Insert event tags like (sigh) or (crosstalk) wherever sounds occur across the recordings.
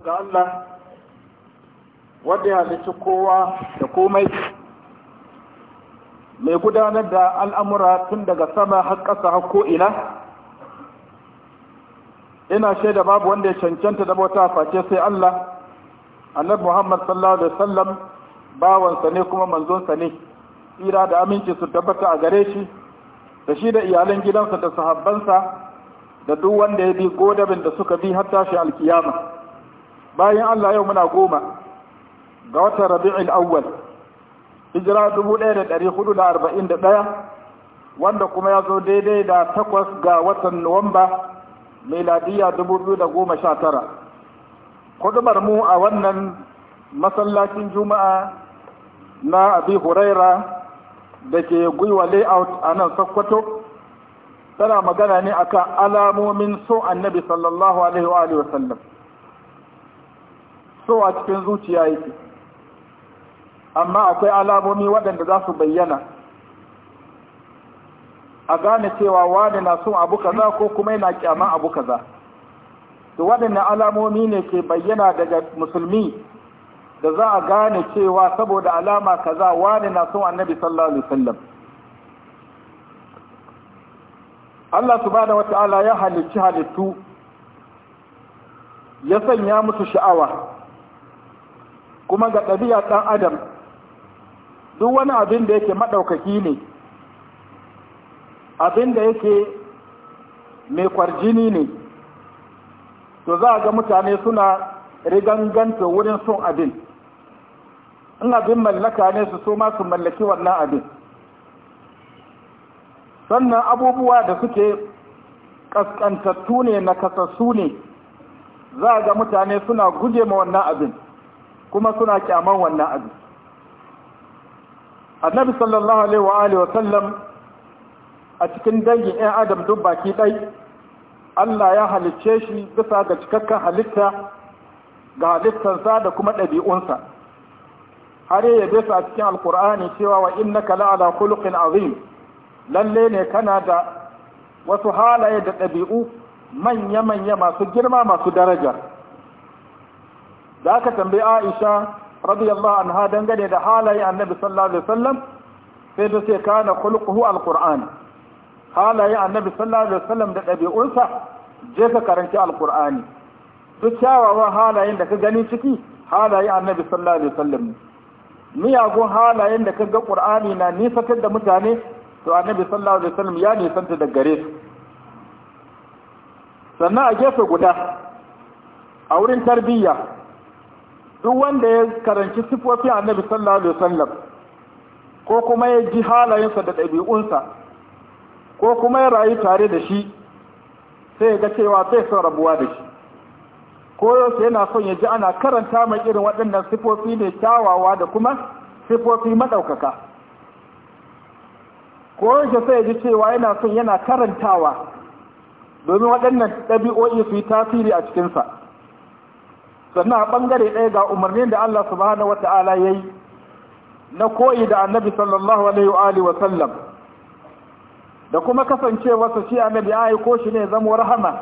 ga Allah wadda ya halittu kowa da komai mai gudanar da al'amura tun daga sama har ƙasa har ko'ina ina shaida babu wanda ya cancanta da bauta face sai Allah annabi Muhammad sallallahu alaihi wasallam bawansa ne kuma manzonsa ne tsira da aminci su tabbata a gare shi da shi da iyalan gidansa da sahabbansa da duk wanda ya bi godabin da suka bi har tashi alkiyama bayan Allah yau muna goma ga watan rabi'ul awwal hijira 1441 wanda kuma ya zo daidai da takwas ga watan nuwamba meladiya 2019 kudumar mu a wannan masallacin juma'a na abi huraira da ke gwiwa layout a nan sokoto tana magana ne akan alamomin so annabi sallallahu alaihi wa sallam sowa cikin zuciya yake amma akwai alamomi waɗanda za su bayyana a gane cewa wani na son abu kaza ko kuma yana kyaman abu kaza da waɗanda alamomi ne ke bayyana daga musulmi da za a gane cewa saboda alama kaza wani na son annabi sallallahu alaihi wasallam Allah subhanahu wata'ala ya halicci halittu ya sanya musu sha'awa kuma ga ɗabi'a ɗan adam duk wani abin da yake maɗaukaki ne abin da yake mai kwarjini ne to za a ga mutane suna riganganta wurin son abin in abin mallaka ne su so ma su mallaki wannan abin sannan abubuwa da suke ƙasƙantattu ne na kasassu ne za a ga mutane suna guje ma wannan abin kuma suna kyaman wannan abu annabi sallallahu alaihi wa alihi wa sallam a cikin dangin ɗan adam duk baki ɗai Allah ya halicce shi bisa ga cikakken halitta ga halittansa da kuma ɗabi'unsa har ya bisa a cikin alkur'ani cewa wa innaka la'ala khuluqin azim lalle ne kana da wasu halaye da ɗabi'u manya-manya masu girma masu daraja da aka tambayi Aisha radiyallahu anha dangane da halayen Annabi sallallahu alaihi wasallam sai da ce kana khulquhu alqur'an halayen Annabi sallallahu alaihi wasallam da dabi'unsa je ka karanci alqur'ani duk kyawawan halayen da ka gani ciki halayen Annabi sallallahu alaihi wasallam miyagun halayen da ka ga qur'ani na nisantar da mutane to Annabi sallallahu alaihi wasallam ya nisanta da gare su sannan a gefe guda a wurin tarbiyya duk wanda ya karanci sifofin nabi sallallahu alaihi wasallam ko kuma ya ji halayensa da ɗabi'unsa ko kuma ya rayu tare da shi sai ya ga cewa zai son rabuwa da shi ko yaushe yana son ya ji ana karanta mai irin waɗannan sifofi ne kyawawa da kuma sifofi maɗaukaka ko yaushe sai ya ji cewa yana son yana karantawa domin waɗannan ɗabi'o'i su yi tasiri a cikinsa sannan a ɓangare ɗaya ga umarnin da Allah subhanahu wa ta'ala ya yi na koyi da annabi sallallahu alaihi wa sallam da kuma kasancewarsa shi annabi ya aiko shi ne zama rahama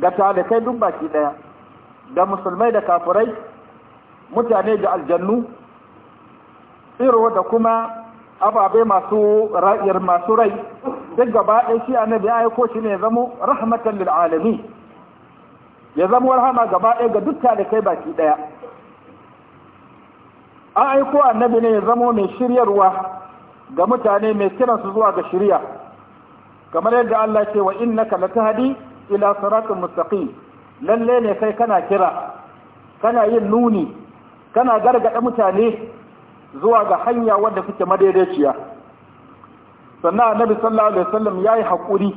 ga talikai duk baki ɗaya da musulmai da kafurai mutane da aljannu tsiro da kuma ababe masu ra'ayar masu rai duk gaba ɗaya shi annabi ya aiko shi ne zama rahmatan lil alamin ya zama rahama gaba ɗaya ga duk kai baki ɗaya an aiko annabi ne ya zama mai shiryarwa ga mutane mai kiransu zuwa ga shirya kamar yadda Allah ce wa innaka haɗi ila siratin mustaqim lalle ne kai kana kira kana yin nuni kana gargaɗa mutane zuwa ga hanya wadda kuke madaidaiciya sannan annabi sallallahu alaihi wasallam yayi haƙuri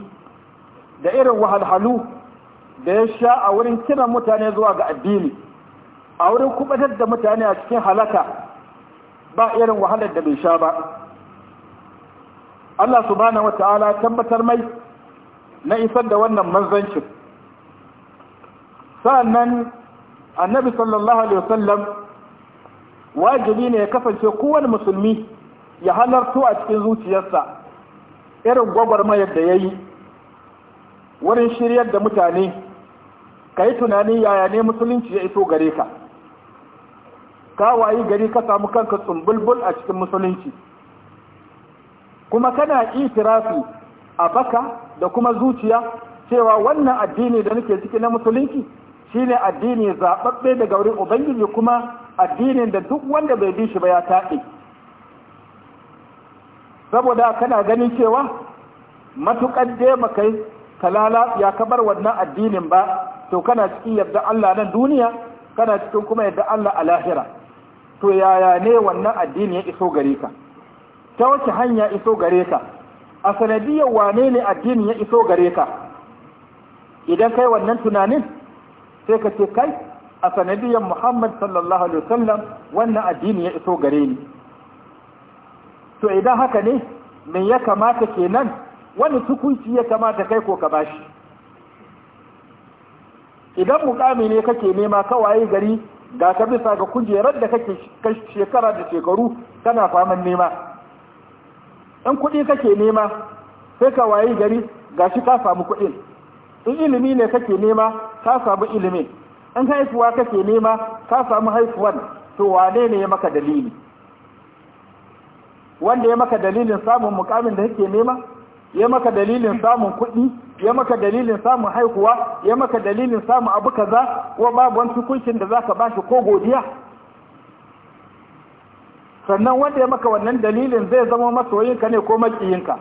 da irin wahalhalu da ya sha a wurin kiran mutane zuwa ga addini a wurin kubatar da mutane a cikin halaka ba irin wahalar da bai sha ba Allah subhanahu wata'ala tabbatar mai na isar da wannan manzancin sa'annan annabi sallallahu alaihi wasallam wajibi ne ya kasance kowane musulmi ya halarto a cikin zuciyarsa irin gwagwarmayar da ya yi wurin shiryar da mutane ka yi tunani yaya ne musulunci ya iso gare ka ka wayi gari ka samu kanka tsumbulbul a cikin musulunci kuma kana itirafi a baka da kuma zuciya cewa wannan addini da nake ciki na musulunci shine addini zaɓaɓɓe daga wurin ubangiji kuma addinin da duk wanda bai bi shi ba ya taɓe saboda kana ganin cewa matuƙar dai makai lalata ya kabar wannan addinin ba to kana cikin yarda Allah nan duniya kana cikin kuma yarda Allah a lahira to yaya ne wannan addini ya iso gare ka ta wace hanya iso gare ka a sanadiyar wane ne addini ya iso gare ka idan kai wannan tunanin sai ka ce kai a sanadiyar Muhammad sallallahu alaihi wasallam wannan addini ya iso gare ni to idan haka ne me ya kamata kenan wani tukunci ya kamata kai ko ka bashi idan mukami ne kake nema kawaye gari ga ka bisa ga kujerar da kake shekara da shekaru kana faman nema in kuɗi kake nema sai ka waye gari ga shi ka samu kuɗin in ilimi ne kake nema ka samu ilimin in haifuwa kake nema ka samu haifuwan to wane ne ya maka dalili wanda ya maka dalilin samun mukamin da kake nema ya maka dalilin samun kuɗi ya maka dalilin samun haihuwa ya maka dalilin samun abu kaza ko babu wani hukuncin da zaka bashi ko godiya sannan wanda ya maka wannan dalilin zai zama masoyinka ne ko makiyinka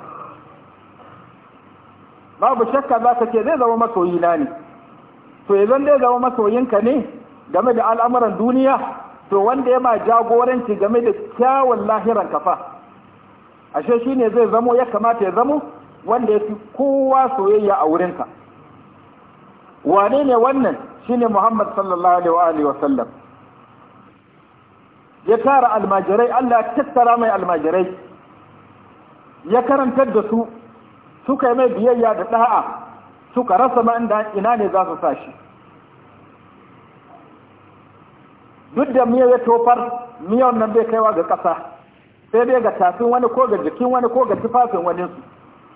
babu shakka za ka ce zai zama masoyina ne to idan zai zama masoyinka ne game da al'amuran duniya to wanda ya ma jagoranci game da kyawun lahiran kafa ashe shi ne zai zamo ya kamata ya zamo wanda ya fi kowa soyayya a wurinsa wane ne wannan shine Muhammad sallallahu alaihi wa sallam ya tara almajirai Allah tattara mai almajirai ya karantar da su suka yi mai biyayya da ɗa'a suka rasa ma ina ne za su sa shi duk da miyar ya tofar miyar nan bai kaiwa ga ƙasa sai dai ga tafin wani ko ga jikin wani ko ga tufafin waninsu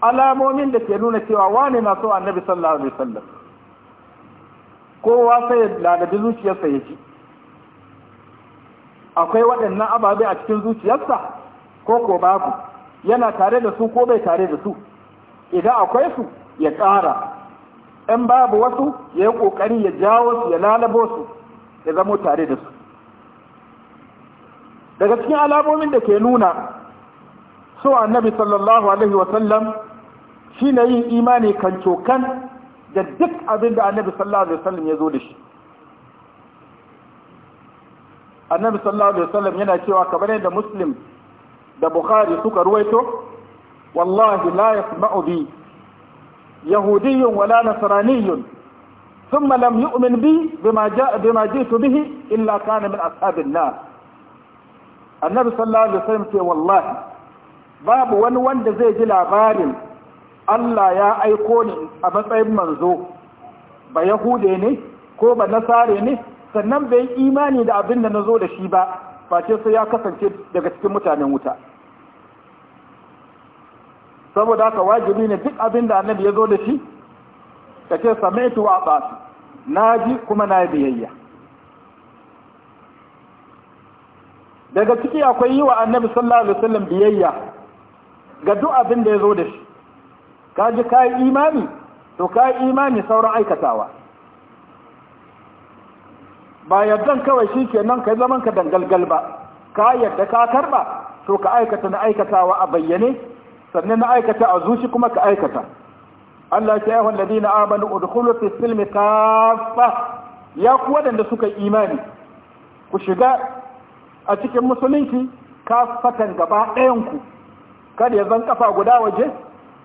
alamomin da ke nuna cewa wane na so annabi sallallahu alaihi wasallam kowa sai ladabi zuciyarsa ya ji akwai waɗannan ababe a cikin zuciyarsa ko ko babu yana tare da su ko bai tare da su idan akwai su ya ƙara in babu wasu ya yi ƙoƙari ya jawo su ya lalabo su ya zamo tare da su daga cikin alamomin da ke nuna so annabi sallallahu alaihi wasallam shine yin imani kan cokan da duk abin da annabi sallallahu alaihi wasallam ya zo da shi annabi sallallahu alaihi wasallam yana cewa kamar yadda muslim da bukhari suka ruwaito wallahi la yasma'u bi yahudiyyun wala nasraniyyun thumma lam yu'min bi bima ja'a bima jitu bihi illa kana min ashabin nar annabi sallallahu alaihi wasallam ce wallahi babu wani wanda zai ji labarin Allah ya aiko ni a matsayin manzo ba yahude ne ko ba nasare ne sannan bai imani da abin da na zo da shi ba face sai ya kasance daga cikin mutanen wuta saboda haka wajibi ne duk abin da annabi ya zo da shi ka ce sami'tu wa ba na ji kuma na biyayya daga ciki akwai yi wa annabi sallallahu alaihi wasallam biyayya ga duk abin da ya zo da shi ka ji ka yi imani to ka yi imani sauran aikatawa ba yardan kawai shi ke nan ka zaman ka dangalgal ba ka yadda ka karba to ka aikata na aikatawa a bayyane sannan na aikata a zuci kuma ka aikata Allah ya yi wanda dina na amanu udkhulu fi silmi kafa ya ku waɗanda suka yi imani ku shiga a cikin musulunci kafatan gaba ɗayanku kada ya zan kafa guda waje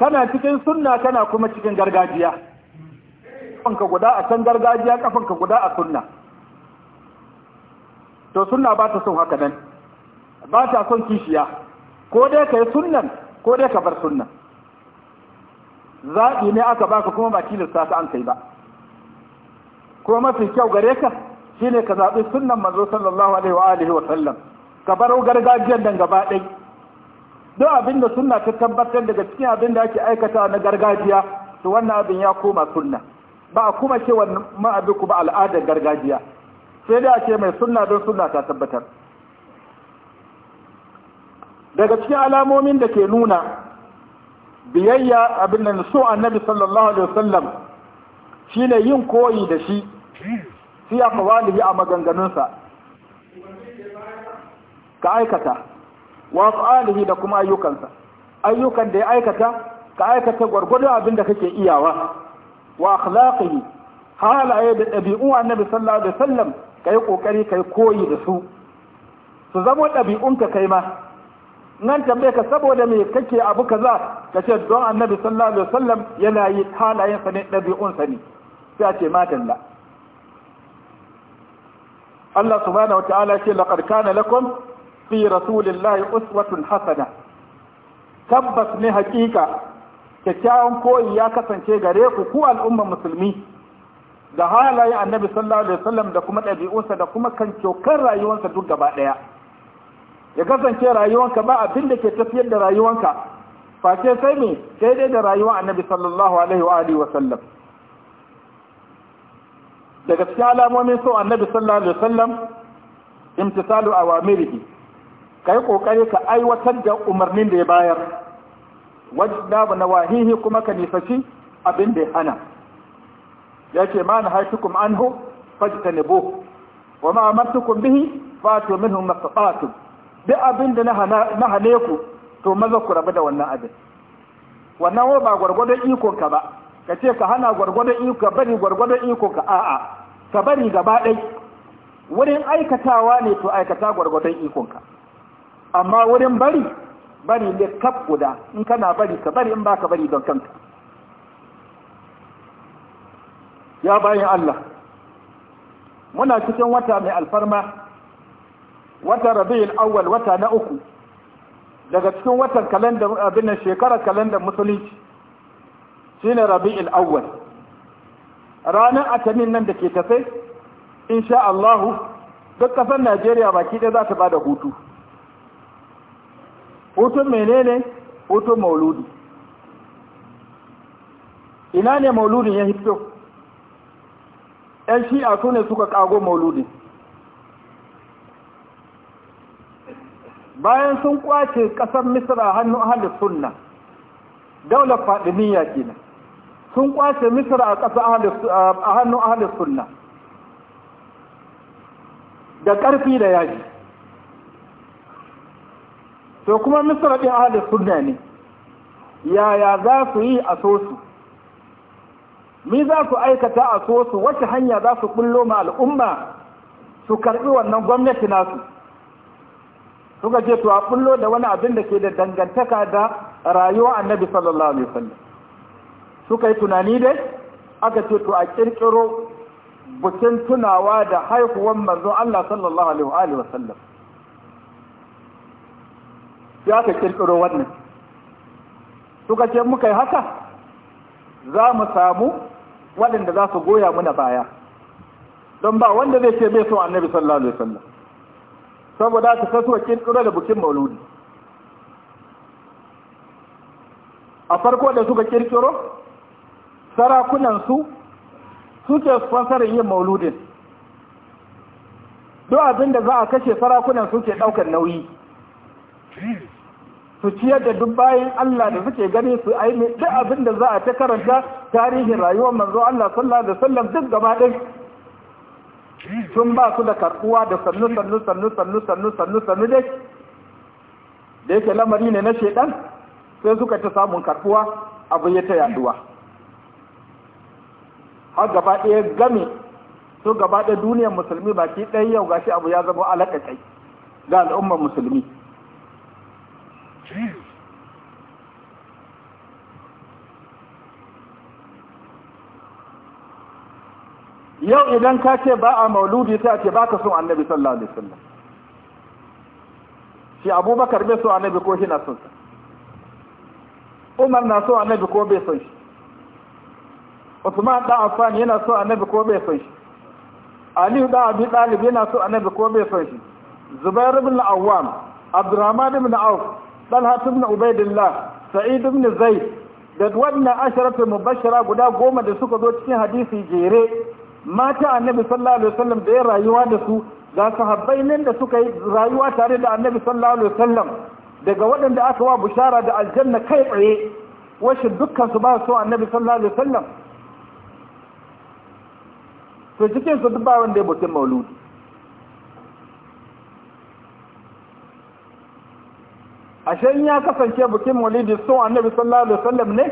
kana cikin sunna kana kuma cikin gargajiya kafanka guda a can gargajiya kafanka guda a sunna to sunna ba ta son haka nan ba ta son kishiya ko dai ka yi sunnan ko dai ka bar sunnan zaɓi ne aka baka kuma ba tilasta ka an kai ba ko mafi kyau gare ka shine ka zaɓi sunnan manzo sallallahu alaihi wa alihi wa sallam ka baro gargajiyar dan gaba ɗaya duk abin da suna ta tabbatar daga cikin abin da ake aikata na gargajiya to wannan abin ya koma sunna ba a kuma cewa ma'abi kuma al'adar gargajiya sai da ake mai sunna don suna ta tabbatar daga cikin alamomin da ke nuna biyayya abin da so annabi sallallahu alaihi wasallam shine yin koyi da shi siya a a maganganunsa ka aikata wa qalihi da kuma ayyukansa ayyukan da ya aikata ka aikata gwargwado abin da kake iyawa wa akhlaqihi halaye da ɗabi'u annabi sallallahu alaihi wasallam kai kokari kai koyi da su su zamo ka kai ma nan tambaye ka saboda me kake abu kaza ka ce don annabi sallallahu alaihi wasallam yana yi halayensa ne sa ne sai a ce Allah subhanahu wa ta'ala ce laqad kana lakum fi rasulillahi uswatun hasana tabbas ne hakika kyakkyawan koyi ya kasance gare ku ku al'umma musulmi da halaye annabi sallallahu alaihi wasallam da kuma ɗabi'unsa da kuma kan cokar rayuwarsa duk gaba ɗaya ya kasance rayuwarka ba abin da ke tafiyar da rayuwarka face sai me sai dai da rayuwar annabi sallallahu alaihi wa alihi wasallam daga cikin alamomin so annabi sallallahu alaihi wasallam imtisalu awamirihi ka yi ƙoƙari ka aiwatar da umarnin da ya bayar wajnabu na wahihi kuma ka nisaci abin da ya hana ya ce ma na an faji ta nebo wa ma amartukum bihi fatu minhu mastata'tum duk abin da na hane ku to maza ku rabu da wannan abin wannan wa ba gwargwadon ikon ka ba ka ce ka hana gwargwadon ka bari gwargwadon ikon ka a'a ka bari gaba ɗai wurin aikatawa ne to aikata gwargwadon ikon ka amma wurin bari bari ne kaf guda in kana bari ka bari in baka bari don kanka ya bayan Allah muna cikin wata mai alfarma wata rabi'ul awwal wata na uku daga cikin watan kalandar abin shekarar kalandar musulunci shine rabi'ul awwal ranar atamin nan da ke tafe insha Allah duk kasar Najeriya baki ɗaya za ta bada hutu mene menene hoton mauludi ina ne mauludin ya hito ‘yan shi'a su ne suka kago mauludin bayan sun kwace ƙasar misra hannu ahal sunna daular faɗiniya kenan sun kwace misra a ƙasa a hannun ahalin sunna da ƙarfi da yaji to kuma misra din ahlus suna ne yaya za su yi a so su mi za su aikata a so su wacce hanya za su ɓullo ma al'umma su karɓi wannan gwamnati nasu suka ce to a ɓullo da wani abin da ke da dangantaka da rayuwa annabi sallallahu alaihi wasallam suka yi tunani dai aka ce to a ƙirƙiro bukin tunawa da haihuwan manzon Allah sallallahu alaihi wasallam sai aka kirkiro wannan suka ce muka yi haka za mu samu waɗanda za su goya muna baya don ba wanda zai ce bai so annabi sallallahu alaihi wasallam saboda ta kasuwa kirkiro da bukin mauludi a farko da suka kirkiro sarakunansu suke sponsorin yin mauludin duk abin da za a kashe sarakunan suke ɗaukar nauyi su ciyar da duk bayan Allah da suke gani su aini duk abin da za a ta karanta tarihin rayuwar manzo Allah sallallahu alaihi wasallam duk gaba ɗin sun ba su da karkuwa da sannu sannu sannu sannu sannu sannu sannu dai da yake lamari ne na shedan sai suka ta samun karkuwa abu ya ta yaduwa har gaba ɗaya game su gaba ɗaya duniyar musulmi baki ɗaya yau gashi abu ya zama alaƙaƙai ga al'ummar musulmi yau idan ka ce ba a mauludi sai a ce ba ka son annabi sallallahu alaihi wasallam shi abubakar bai so annabi ko shi na son umar na so annabi ko bai son shi usman da affan yana so annabi ko bai son shi aliyu da abi dalib yana so annabi ko bai son shi zubair ibn awwam abdurrahman ibn auf talha ibn ubaidillah sa'id ibn zaid da wannan asharatu mubashara guda goma da suka zo cikin hadisi jere mata annabi sallallahu alaihi wasallam da ya rayuwa da su ga sahabbai nan da suka yi rayuwa tare da annabi sallallahu alaihi wasallam daga waɗanda aka wa bushara da aljanna kai tsaye wasu dukkan su ba su annabi sallallahu alaihi wasallam to cikin su duk ba wanda ya mutum mauludi ashe in ya kasance bukin maulidi sun annabi sallallahu alaihi wasallam ne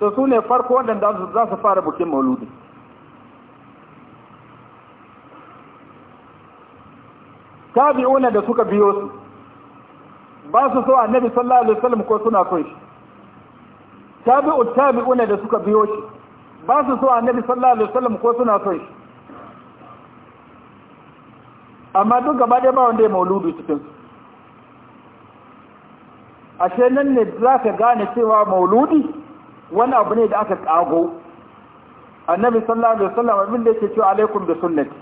to su ne farko waɗanda za su fara bukin mauludi tabi'una da suka biyo su ba su so annabi sallallahu alaihi wasallam ko suna so shi tabi'u tabi'una da suka biyo shi ba su so annabi sallallahu alaihi wasallam ko suna so shi amma duk gaba da ba wanda ya mauludu cikin su ashe nan ne za ka gane cewa mauludi wani abu ne da aka kago annabi sallallahu alaihi wasallam abin da yake cewa alaikum bi sunnati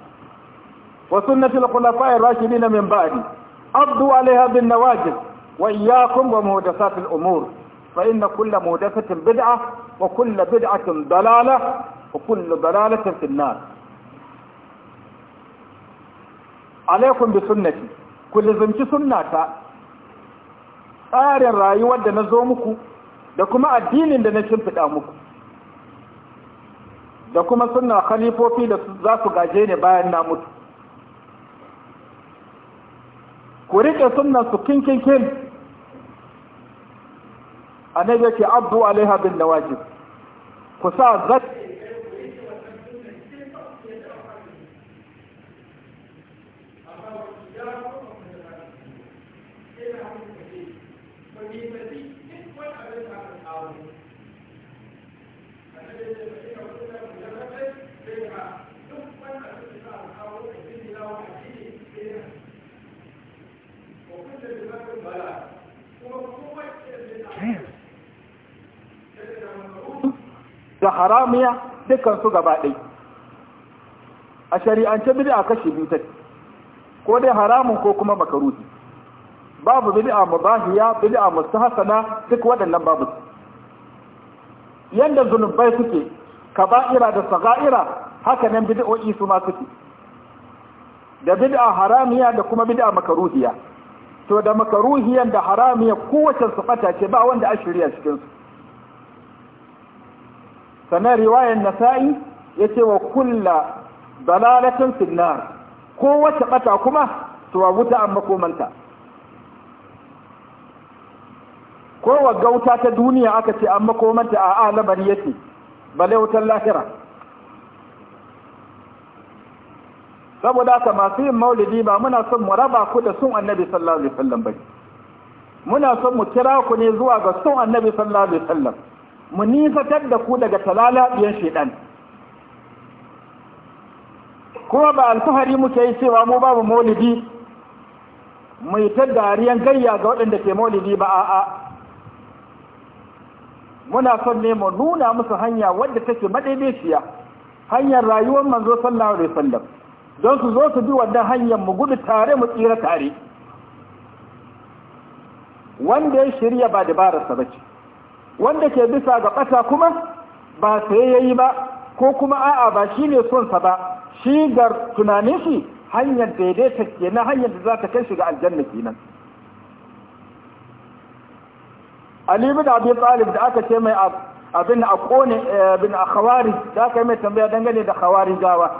وسنة الخلفاء الراشدين من بعد أبدو عليها بالنواجد وإياكم ومهدسات الأمور فإن كل مهدسة بدعة وكل بدعة ضلالة وكل ضلالة في النار عليكم بسنة كل زمت سنة tsarin الرأي da na zo الدين da kuma addinin da na shimfiɗa muku da kuma suna khalifofi da za su gaje ne bayan na mutu ku riƙe sunna su kinkin kin annabi yake abdu alaiha bin nawajib ku sa zaki da haramiya dukkan su gaba ɗai a shari'ance bid'a kashi biyu ta ko dai haramun ko kuma makaruhi babu bid'a mubahiya bid'a mustahsana duk waɗannan babu yanda zunubai suke kaba'ira da saga'ira haka nan bid'o'i su ma suke da bid'a haramiya da kuma bid'a makaruhiya to da makaruhiyan da haramiya kowace ɓata ce ba wanda a shirya cikin su sannan riwayar nasa'i ya ce wa kulla dalalatin sinar ko wata ɓata kuma to a wuta an makomanta ko wa gauta ta duniya aka ce an makomanta a alamar yake balai wutar lahira saboda ka masu yin maulidi ba muna son mu raba ku da sun annabi sallallahu alaihi wasallam bai muna son mu kira ku ne zuwa ga sun annabi sallallahu alaihi wasallam mu nisatar da ku daga talalabiyar shaidan kuma ba alfahari muke yi cewa mu babu maulidi mu ta dariyan gayya ga waɗanda ke maulidi ba a'a muna son ne mu nuna musu hanya wadda take madaidaiciya hanyar rayuwar manzo sallallahu alaihi wasallam don su zo su bi wannan hanyar mu gudu tare mu tsira tare wanda ya shirya ba dabararsa ba ce wanda ke bisa ga ƙasa kuma ba sai ya yi ba ko kuma a'a ba shi ne sonsa ba shi ga tunanin shi hanyar daidaita na hanyar da za ta kai shi ga aljanna kenan Ali bin Abi Talib da aka ce mai abin a kone eh, bin akhawari da aka mai tambaya dangane da khawari gawa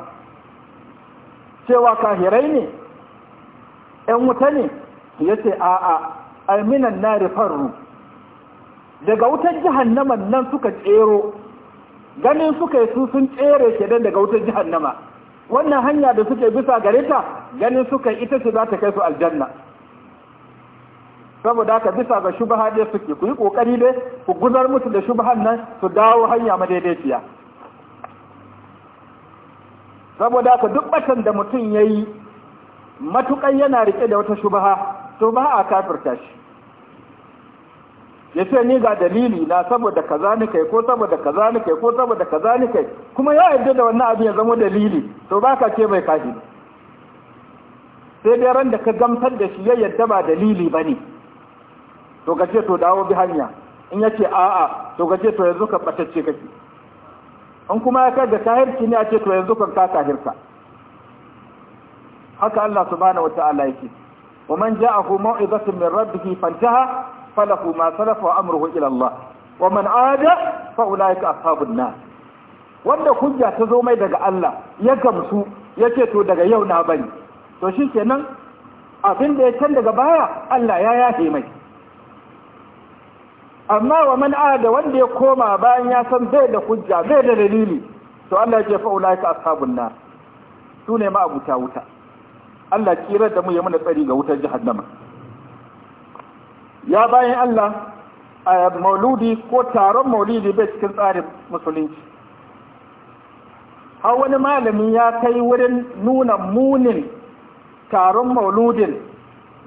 cewa kahirai ne ‘yan wuta ne Yace ce a'a alminan na farru daga wutar nama nan suka tsero ganin suka yi sun tsere ke kenan daga wutar nama wannan hanya da suke bisa gare ta ganin suka ita ce za ta kai su aljanna saboda haka bisa ga shubaha dai suke ku yi kokari dai ku guzar musu da shubahan nan su dawo hanya madaidaiciya saboda haka duk batan da mutum ya yi matukan yana rike da wata shubha to ba a kafirta shi ya ce ni ga dalili na saboda kaza ni kai ko saboda kaza ni kai ko saboda kaza ni kai kuma ya yarda da wannan abin ya zama dalili to ba ka ce bai kashi sai dai ran da ka gamsar da shi ya yarda ba dalili ba ne to ka ce to dawo bi hanya in ya ce a'a to ka ce to yanzu ka ɓatacce kake in kuma ya kai da tahirci ne a ce to yanzu kan ka tahirka haka Allah subhanahu wa ta'ala yake wa man ja'ahu maw'izatun min rabbih fantaha salafu ma salafa amruhu ila Allah wa man ada fa ulaika ashabun nar wanda hujja ta zo mai daga Allah ya gamsu yace to daga yau na bani to shikenan abin da ya can daga baya Allah ya yafe mai amma wa man ada wanda ya koma bayan ya san bai da hujja bai da dalili to Allah ya fa ulaika ashabun nar sune ma abuta wuta Allah kira da mu ya muna tsari ga wutar jahannama ya bayan Allah a mauludi ko taron mauludi bai cikin tsarin musulunci har wani malami ya kai wurin nuna munin taron mauludin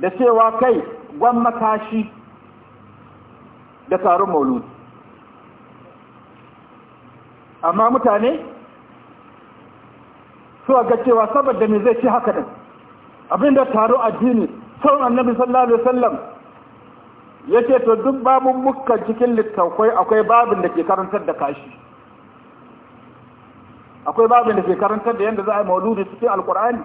da cewa kai gwan makashi da taron mauludi amma mutane suwa ga cewa saboda me zai ci haka abinda taro addini sauran annabi sallallahu alaihi wasallam ya ce to duk babin mukkan cikin littattafai akwai babin da ke karantar da kashi akwai babin da ke karantar da yadda za a yi mauludi cikin alkur'ani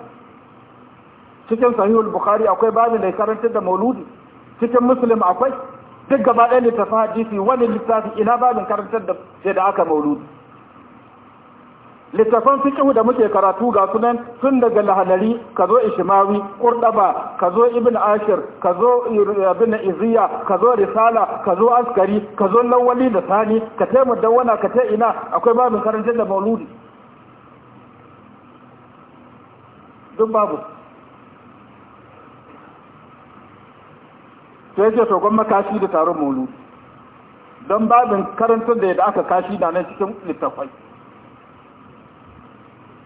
cikin sahihul bukhari akwai babin da ke karantar da mauludi cikin muslim akwai duk gaba ɗaya littattafan hadisi wani littafi ina babin karantar da sai da aka mauludi littafan fiqh da muke karatu ga sunan sun daga lahalari kazo ishmawi qurdaba kazo ibn ashir kazo ibn iziya kazo risala kazo askari kazo lawali da sani ka mu dawana ka ta ina akwai babin karantar da mauludi duk babu sai ce to gwamma kashi da taron mauludi don babin karantar da yadda aka kashi da nan cikin littafai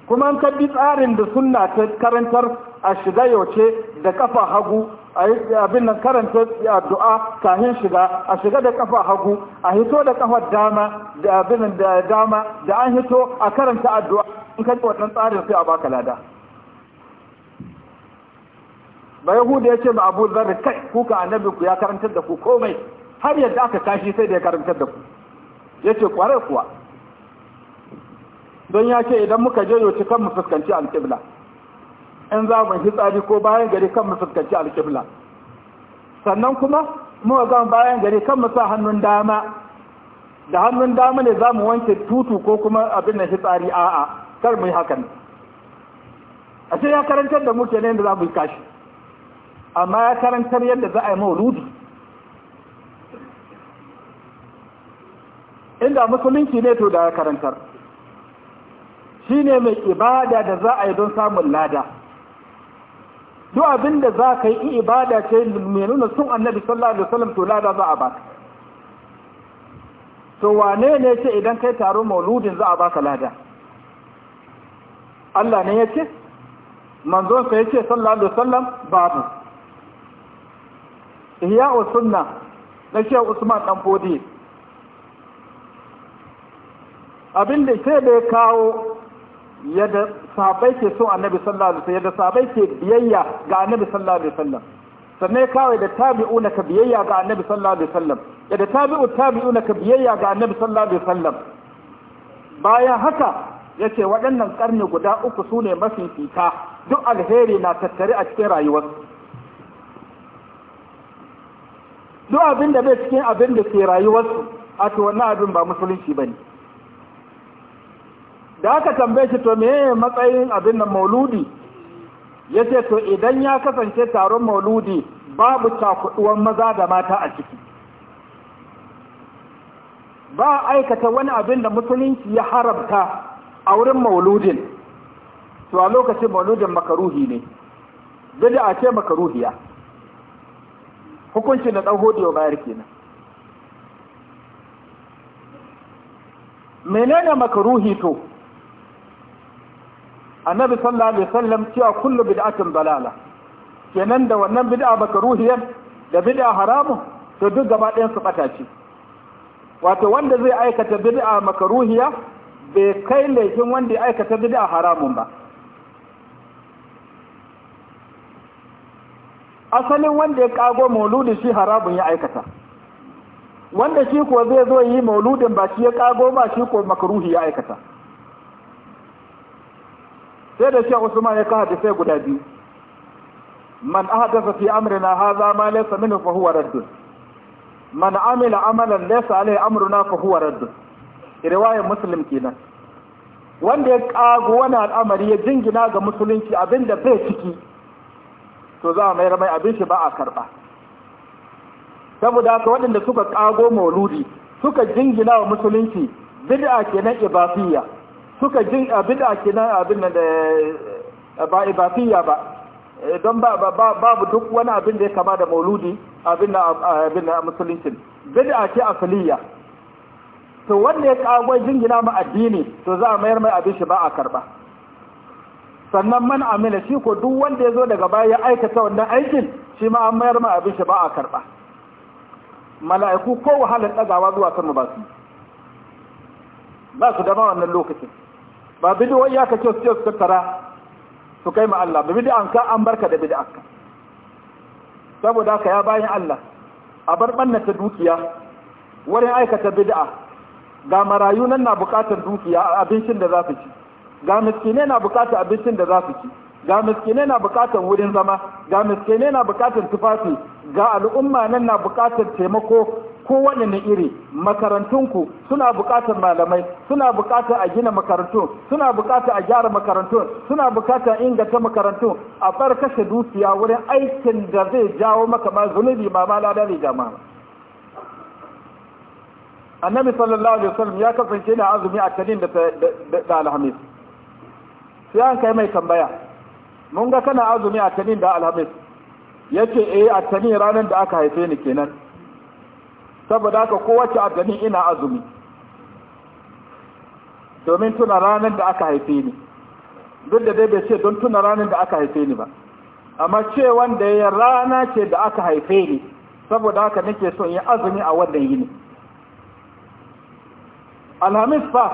kuma an bi tsarin da sunna ta karantar a shiga yauce da kafa hagu a abin nan karanta addu'a kahin shiga a shiga da kafa hagu a hito da kafar dama da abin da dama da an hito a karanta addu'a in kai wannan tsarin sai a baka lada ba yahuda yace ma Abu Dharr kai kuka annabi ku ya karantar da ku komai har yadda aka tashi sai da ya karantar da ku yace kware kuwa don ya ce idan muka je yau kan mu fuskanci alƙibla in za mu hitsari ko bayan gari kan mu fuskanci alƙibla sannan kuma mu ga bayan gari kan mu sa hannun dama da hannun dama ne za mu wanke tutu ko kuma abin da hitsari a'a kar mu yi hakan a ce ya karantar da mu kenan da za mu yi kashi amma ya karantar yadda za a yi mauludi inda musulunci ne to da ya karantar Shi ne mai ibada da za a yi don samun lada duk abin da za ka yi ibada ce mai nuna sun annabi sallallahu alaihi wasallam to lada za a ka to wane ne ce idan kai taron mauludin za a ba ka lada Allah ne ya ce manzon sa yace sallallahu alaihi wasallam babu ihya sunna na shi Usman dan Fodi abin da sai da ya kawo yadda sahabbai ke so annabi sallallahu alaihi wasallam yadda sahabbai ke biyayya ga annabi sallallahu alaihi wasallam sannan kawai da tabi'una ka biyayya ga annabi sallallahu alaihi wasallam yadda tabi'u tabi'una ka biyayya ga annabi sallallahu alaihi wasallam bayan haka yace waɗannan karni guda uku sune mafi fita duk alheri na tattare a cikin rayuwarsu duk abin da bai cikin abin da ke rayuwarsu a to wannan abin ba musulunci bane da aka tambaye shi to me matsayin abin nan mauludi ya ce to idan ya kasance taron mauludi babu cakuduwan maza da mata a ciki ba aikata wani abin da musulunci ya haramta a wurin mauludin to a lokacin mauludin makaruhi ne bida a ce makaruhiya hukunci na ɗauho hodiyo bayar kenan menene makaruhi to annabi sallallahu alaihi wasallam cewa kullu bid'atin dalala kenan da wannan bid'a ruhiyar da bid'a haramu to duk gaba ɗayan su bata ce wato wanda zai aikata bid'a ruhiya bai kai laifin wanda ya aikata bid'a haramun ba asalin wanda ya kago mauludin shi haramun ya aikata wanda shi ko zai zo yi mauludin ba shi ya kago ba shi ko makaruhi ya aikata sai da shi Usman ya kawo sai guda biyu man ahdatha fi amrina hadha ma laysa minhu fa huwa radd man amila amalan laysa alayhi amruna fa huwa radd riwayar muslim kenan wanda ya kago wani al'amari ya jingina ga musulunci abinda bai ciki to za a mayar mai abin shi ba a karba saboda haka waɗanda suka kago mauludi suka jingina wa musulunci bid'a kenan ibafiyya suka jin abin da nan abin da eh, ba ibafiya ba eh, don babu duk wani abin da ya kama da mauludi abin da eh, abin da musulunci bid'a ce asliya to wanda ya jin jingina ma addini to za a mayar mai abin shi ba a karba sannan man amila shi ko duk wanda ya zo daga baya ya aikata wannan aikin shi ma an mayar mai abin shi ba a karba mala'iku ko wahalar tsagawa zuwa sama ba su ba su dama wannan lokacin ba wai ya kace su su tara su kai ma Allah ba an ka an barka da bidiyan ka saboda ka ya bayin Allah a bar ta dukiya wurin aikata bid'a ga marayu nan na bukatar dukiya abincin da za su ci ga miskine na bukatar abincin da za su ci ga miskine na bukatar wurin zama ga miskine na bukatar tufafi ga al'umma nan na bukatar taimako kowane na iri makarantunku suna bukatar malamai suna buƙatar a gina makarantun suna buƙatar a gyara makarantun suna buƙatar inganta makarantun a bar kashe dukiya wurin aikin da zai jawo maka ma zunubi ma ma ladari jama annabi sallallahu alaihi wasallam ya kasance na azumi a tanin da alhamis sai an kai mai tambaya mun ga kana azumi a tanin da alhamis yace eh a tanin ranar da aka haife ni kenan saboda haka kowace abdani ina azumi domin tuna ranar da aka haife ni duk da dai bai ce don tuna ranar da aka haife ni ba amma ce wanda ya rana ce da aka haife ni saboda haka nake son yi azumi a wannan yini alhamis fa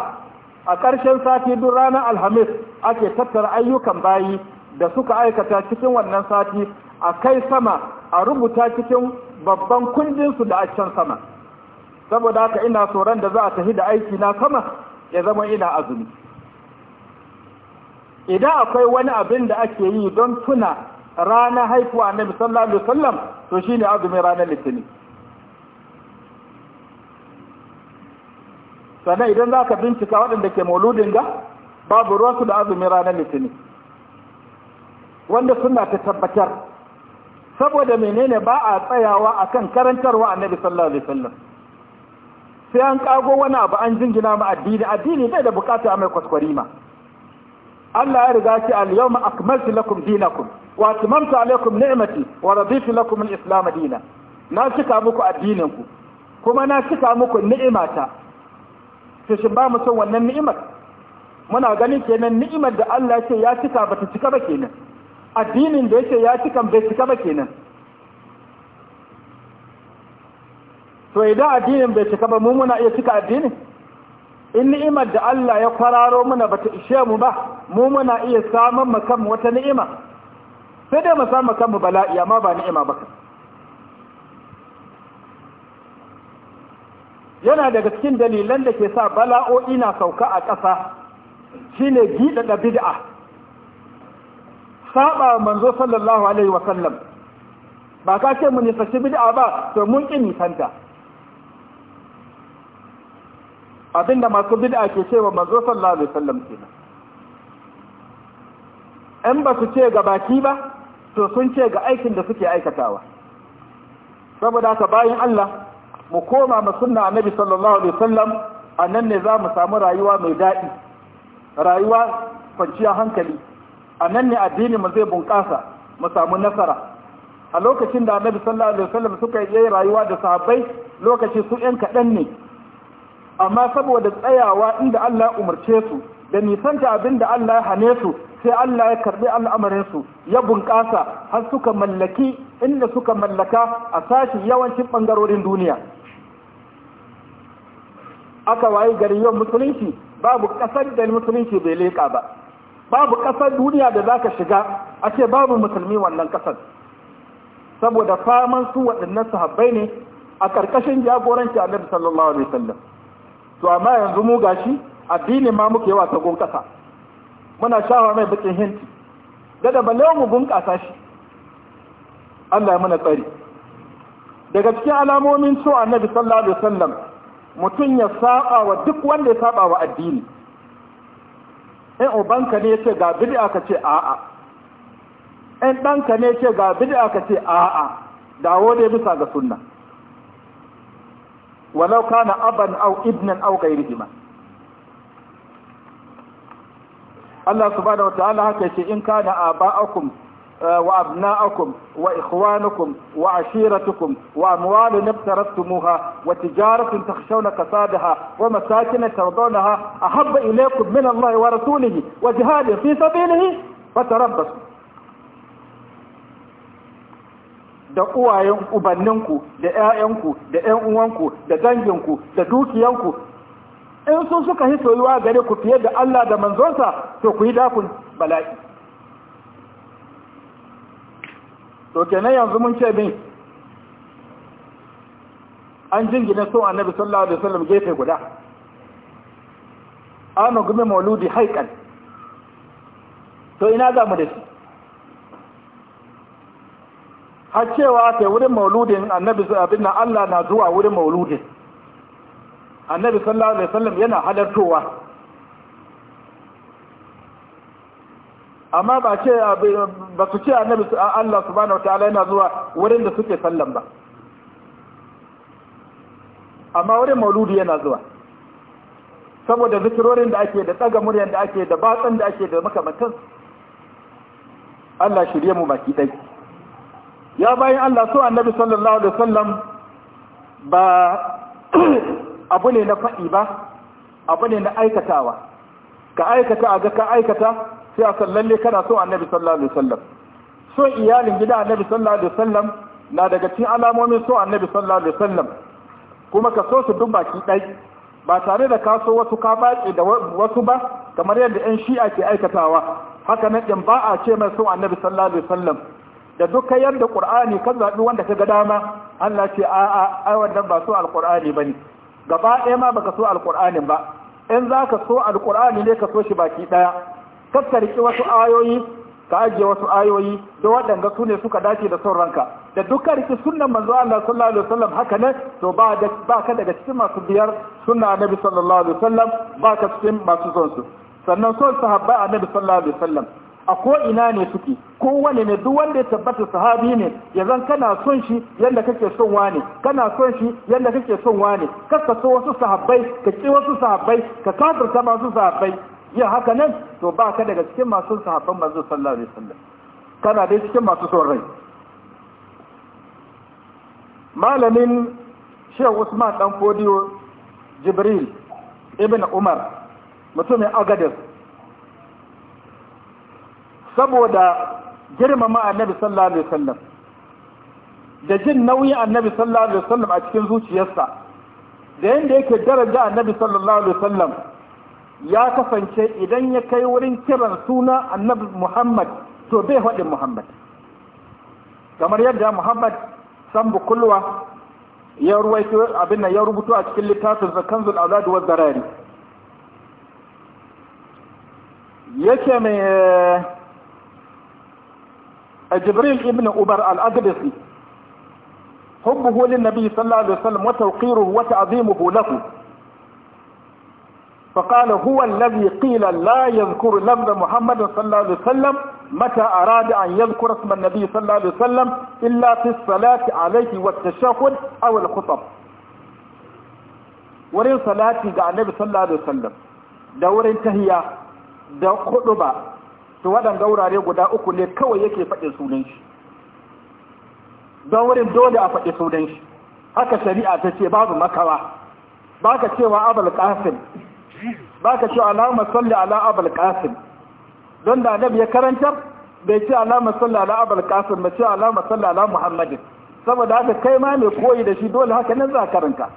a ƙarshen sati duk ranar alhamis ake tattara ayyukan bayi da suka aikata cikin wannan sati a kai sama a rubuta cikin babban kundin su da a can sama saboda haka ina tsoron da za a tafi da aiki na sama ya zama ina azumi idan akwai wani abin da ake yi don tuna rana haifuwa na musallar musallar to to ne azumin ranar litini sannan idan za ka bincika waɗanda ke mauludin ga babu ruwansu da azumin ranar litini wanda suna ta tabbatar saboda menene ba a tsayawa a kan karantarwa annabi sallallahu alaihi wasallam sai an kago wani abu an jingina ma addini addini bai da bukata a mai ma Allah ya riga ce al-yawma akmaltu lakum dinakum wa atmamtu alaykum ni'mati wa raditu lakum al-islam dinan na cika muku addinin ku kuma na cika muku ni'imata to shin ba mu son wannan ni'imar muna ganin kenan ni'imar da Allah ya ce ya cika bata cika ba kenan addinin da yake ya cikan bai cika ba kenan to idan addinin bai cika ba mu muna iya cika addinin in ni'imar da Allah ya kwararo muna bata ishe mu ba mu muna iya samun makan wata ni'ima sai dai mu samu kanmu bala'i amma ba ni'ima ba yana daga cikin dalilan da ke sa bala'o'i na sauka a ƙasa shine gidada bid'a saba manzo sallallahu alaihi wa sallam ba ka ce mu fashe bid'a ba to mun ƙi nisanta abinda masu bid'a ke cewa manzo sallallahu alaihi wa sallam kenan an ba su ce ga baki ba to sun ce ga aikin da suke aikatawa saboda haka bayan Allah mu koma mu sunna annabi sallallahu alaihi wasallam annan ne za mu samu rayuwa mai daɗi rayuwa kwanciya hankali a nan ne addini mu zai bunƙasa mu samu nasara a lokacin da annabi sallallahu alaihi wasallam suka yi rayuwa da sahabbai lokaci su ɗan kaɗan ne amma saboda tsayawa inda Allah umarce su da nisanta abin da Allah ya hane su sai Allah ya karbi al'amarinsu ya bunƙasa har suka mallaki inda suka mallaka a sashi yawancin ɓangarorin duniya aka wayi gari yau musulunci babu ƙasar da musulunci bai leƙa ba babu ƙasar duniya da za ka shiga a ce babu musulmi wannan ƙasar saboda faman su waɗannan sahabbai ne a ƙarƙashin jagoranci a annabi sallallahu alaihi wasallam to amma yanzu mu gashi addini ma muke yawa ta gon muna shawa mai bikin hinti da balle mu bunƙasa shi Allah ya muna tsari daga cikin alamomin so annabi sallallahu alaihi wasallam mutum ya saba wa duk wanda ya saba wa addini in ubanka ne ce ga bid'a ka ce a'a in ɗanka ne ce ga bid'a ka ce a'a dawo dai bisa ga sunna walau kana aban au ibnan au ghairihima Allah subhanahu wataala haka ce in kana aba'akum وأبناءكم وإخوانكم وعشيرتكم وأموال ابترفتموها وتجارة تخشون كسادها ومساكن ترضونها أحب إليكم من الله ورسوله وجهاد في سبيله فتربصوا da uwayen ubanninku da 'ya'yanku da 'yan uwanku da danginku da dukiyanku in sun suka hito yiwa gare ku fiye da Allah da manzonsa to ku yi dakun bala'i to kenan yanzu mun ce bin an jingina so annabi sallallahu alaihi wasallam gefe guda an gume mauludi haikan to ina za mu da shi har cewa sai wurin mauludin annabi abin nan Allah na zuwa wurin mauludin annabi sallallahu alaihi wasallam yana halartowa amma ba ce ba su ce annabi Allah subhanahu wataala yana zuwa wurin da suke sallan ba amma wurin mauludi yana zuwa saboda zikirorin da ake da tsaga muryan da ake da batsan da ake da makamantan Allah shirye mu baki dai ya bayan Allah so annabi sallallahu alaihi wasallam ba (clears throat) abu ne na fadi ba abu ne na aikatawa ka aikata a ga ka aikata sai a sallalle kana so annabi sallallahu alaihi wasallam so iyalin gida annabi sallallahu alaihi wasallam na daga cikin alamomin so annabi sallallahu alaihi wasallam kuma ka so su duk baki dai ba tare da kaso so wasu ka baki da wasu ba kamar yadda yan shi'a ke aikatawa haka nan ɗin ba a ce mai so annabi sallallahu alaihi wasallam da duka yadda qur'ani kan zabi wanda ka ga dama Allah ce a a ai wannan ba so alqur'ani bane gaba ɗaya ma baka so alqur'anin ba in zaka so alqur'ani ne ka so shi baki daya kakkarki wasu ayoyi ka ajiye wasu ayoyi da waɗanda su ne suka dace da son ranka da dukkan riki sunan manzo Allah sallallahu alaihi wasallam haka ne to ba da ba ka daga cikin masu biyar sunna annabi sallallahu alaihi wasallam ba ka cikin masu son su sannan son sahabba annabi sallallahu alaihi wasallam a ko ina ne suke kowane ne duk wanda ya tabbata sahabi ne yanzu kana son shi yanda kake son wani kana son shi yanda kake son wani kaka so wasu sahabbai ka ki wasu sahabbai ka kafirta masu sahabbai yin haka nan to ba ka daga cikin masu sahabban manzo sallallahu alaihi wasallam kana dai cikin masu son rai malamin Shehu Usman dan Fodiyo Jibril ibn Umar mutumin Agadir saboda girmama annabi sallallahu alaihi wasallam da jin nauyin annabi sallallahu alaihi wasallam a cikin zuciyarsa da yanda yake daraja annabi sallallahu alaihi wasallam ya kasance idan ya kai wurin kiran suna annabi Muhammad to bai faɗin Muhammad kamar yadda Muhammad sambu kulwa ya ruwaito abin nan ya rubuto a cikin littafin zakanzul aulad wa zarari yake mai eh, jibril ibn ubar al-adrisi hubbuhu lin nabi sallallahu alaihi wasallam wa tawqiruhu wa ta'zimuhu lahu فقال هو الذي قيل لا يذكر لفظ محمد صلى الله عليه وسلم متى أراد أن يذكر اسم النبي صلى الله عليه وسلم إلا في الصلاة عليه والتشهد أو الخطب wurin salati ga annabi sallallahu alaihi da wurin tahiya da khutba to waɗanda wurare guda uku ne kawai yake faɗi sunan shi don wurin dole a faɗi sunan haka shari'a ta ce babu makawa baka cewa abul ba ka ce alama salli ala abal qasim don da annabi ya karantar bai ce alama salli ala abal qasim ba ce alama salli ala muhammadin saboda haka kai ma mai koyi da shi dole haka nan za karanta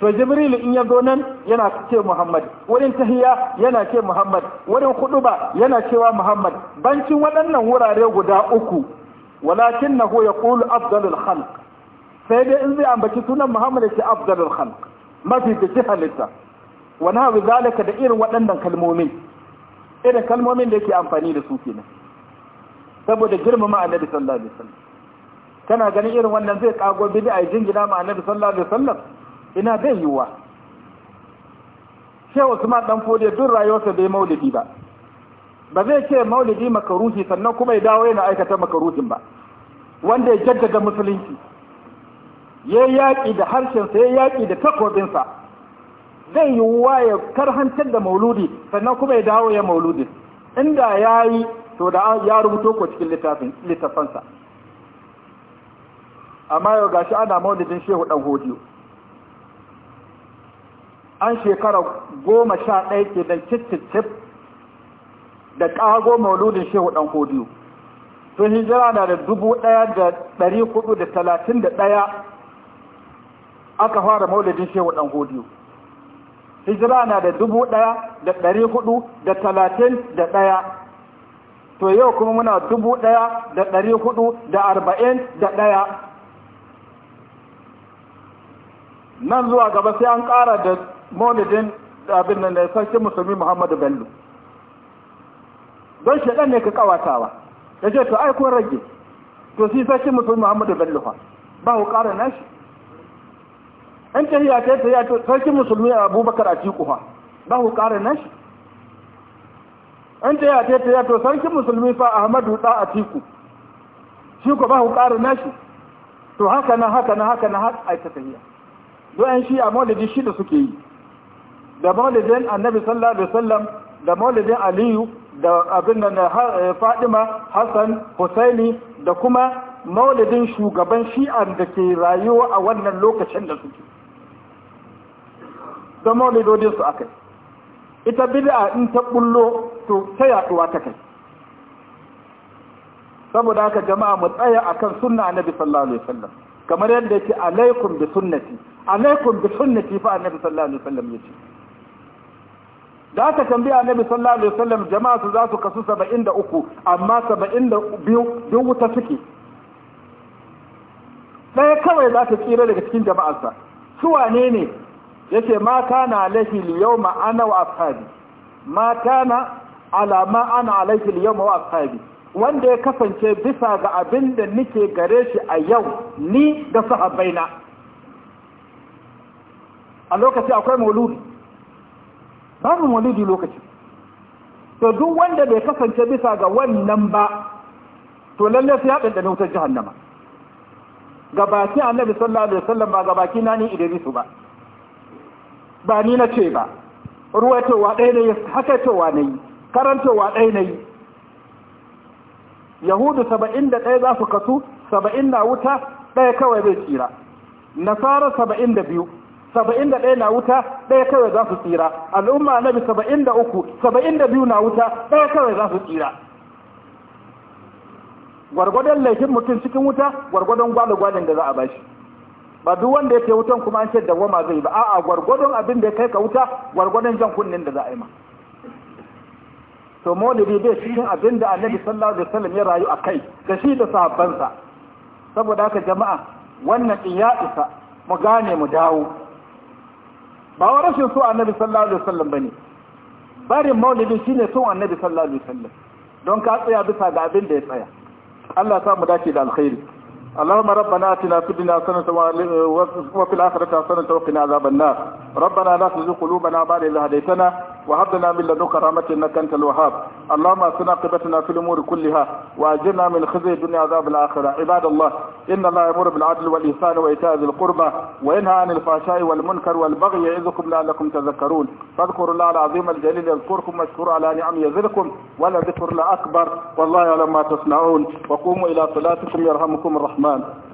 to jibril in ya zo nan yana ce muhammad wurin tahiya yana ce muhammad wurin huduba yana cewa muhammad bancin waɗannan wurare guda uku walakin na ya ƙulu afdalul khalq sai dai in zai ambaci sunan muhammad ya ce afdalul khalq mafi da halitta wani abu zalika da irin waɗannan kalmomin irin kalmomin da yake amfani da su kenan saboda girmama annabi sallallahu alaihi wasallam kana ganin irin wannan zai kago a jingina ma annabi sallallahu alaihi wasallam ina zai yiwa Shehu Usman dan fodi duk rayuwarsa bai maulidi ba ba zai ce maulidi makaruhi sannan kuma ya dawo yana aikata makaruhin ba wanda ya jaddada musulunci ya yaƙi da harshen sa ya yaki da takobinsa zai yiwuwa ya karhantar da mauludi sannan kuma ya dawo ya mauludin inda ya yi to da ya rubuto ko cikin littafansa amma yau ga shi ana maulidin shehu ɗan hodiyo an shekara goma sha ɗaya ke don cip da ƙago mauludin shehu ɗan hodiyo to hijira na da dubu ɗaya da ɗari hudu da talatin da ɗaya aka fara maulidin shehu ɗan hodiyo hijira na da dubu ɗaya da ɗari hudu da talatin da ɗaya to yau kuma muna dubu ɗaya da ɗari hudu da arba'in da ɗaya nan zuwa gaba sai an ƙara da maulidin abin nan da sarki musulmi muhammadu bello don shaɗan ne ka ƙawatawa ya ce to ai kun rage to shi sarki musulmi muhammadu bello fa ba ku ƙara nashi in tahiya ta tahiya to sarkin musulmi abubakar a tikufa ba ku ƙara nashi in tahiya ta tahiya to sarkin musulmi fa ahmadu da a tiku shi ko ba ku ƙara shi, to haka na haka na haka na haka ai ta tahiya do an shi a maulidi shi da suke yi da maulidin annabi sallallahu alaihi wasallam da maulidin aliyu da abin da eh, fadima hassan husaini da kuma maulidin shugaban shi'an da ke rayuwa a wannan lokacin da suke da maulidodinsu su ita bid'a in ta bullo to ta yaduwa ta kai saboda haka jama'a mu tsaya akan sunna annabi sallallahu alaihi wasallam kamar yadda yake alaikum bi sunnati alaikum bi sunnati fa annabi sallallahu alaihi wasallam yace da aka tambaya annabi sallallahu alaihi wasallam jama'a su za su kasu 73 amma 72 duk wuta suke ɗaya kawai za ta tsira daga cikin jama'arsa su wane ne yace ma kana alaihi al-yawma ana wa ashabi ma kana ala ma ana alaihi al-yawma wa ashabi wanda ya kasance bisa ga abin da nike gare shi a yau ni da sahabbaina a lokaci akwai mauludi babu mauludi lokaci to duk wanda bai kasance bisa ga wannan ba to lalle sai ya dandana wutar jahannama gabaki annabi sallallahu alaihi wasallam ba gabaki na ni su ba ba ni na ce ba wa ɗaya ne hakaitowa ne karantowa ɗaya ne yahudu saba'in da ɗaya za su kasu saba'in na wuta ɗaya kawai zai tsira nasara saba'in da biyu saba'in da ɗaya na wuta ɗaya kawai za su tsira al'umma nabi saba'in da uku saba'in da biyu na wuta ɗaya kawai za su tsira gwargwadon laifin mutum cikin wuta gwargwadon gwada da za a bashi ba duk wanda yake wutan kuma an ce dawwama zai ba a'a gwargwadon abin da kai ka wuta gwargwadon jan kunnin da za a yi ma to maulidi bai cikin abin da annabi sallallahu alaihi wasallam ya rayu a kai da shi da sahabbansa saboda haka jama'a wannan in ya isa mu gane mu dawo ba wa rashin so annabi sallallahu alaihi wasallam bane barin maulidi shine son annabi sallallahu alaihi wasallam don ka tsaya bisa ga abin da ya tsaya Allah ya sa dace da alkhairi اللهم ربنا اتنا في الدنيا حسنه وفي الاخره حسنه وقنا عذاب النار ربنا لا تزغ قلوبنا بعد إذ هديتنا وهب لنا من لدنك رحمة إنك أنت الوهاب اللهم أسنا قبتنا في الأمور كلها وأجرنا من خزي الدنيا عذاب الآخرة عباد الله إن الله يأمر بالعدل والإحسان وإيتاء ذي القربى وينهى عن الفحشاء والمنكر والبغي يعظكم لعلكم تذكرون فاذكروا الله العظيم الجليل يذكركم واشكروا على نعمه ولا ولذكر الله أكبر والله يعلم ما تصنعون وقوموا إلى صلاتكم يرحمكم الرحمن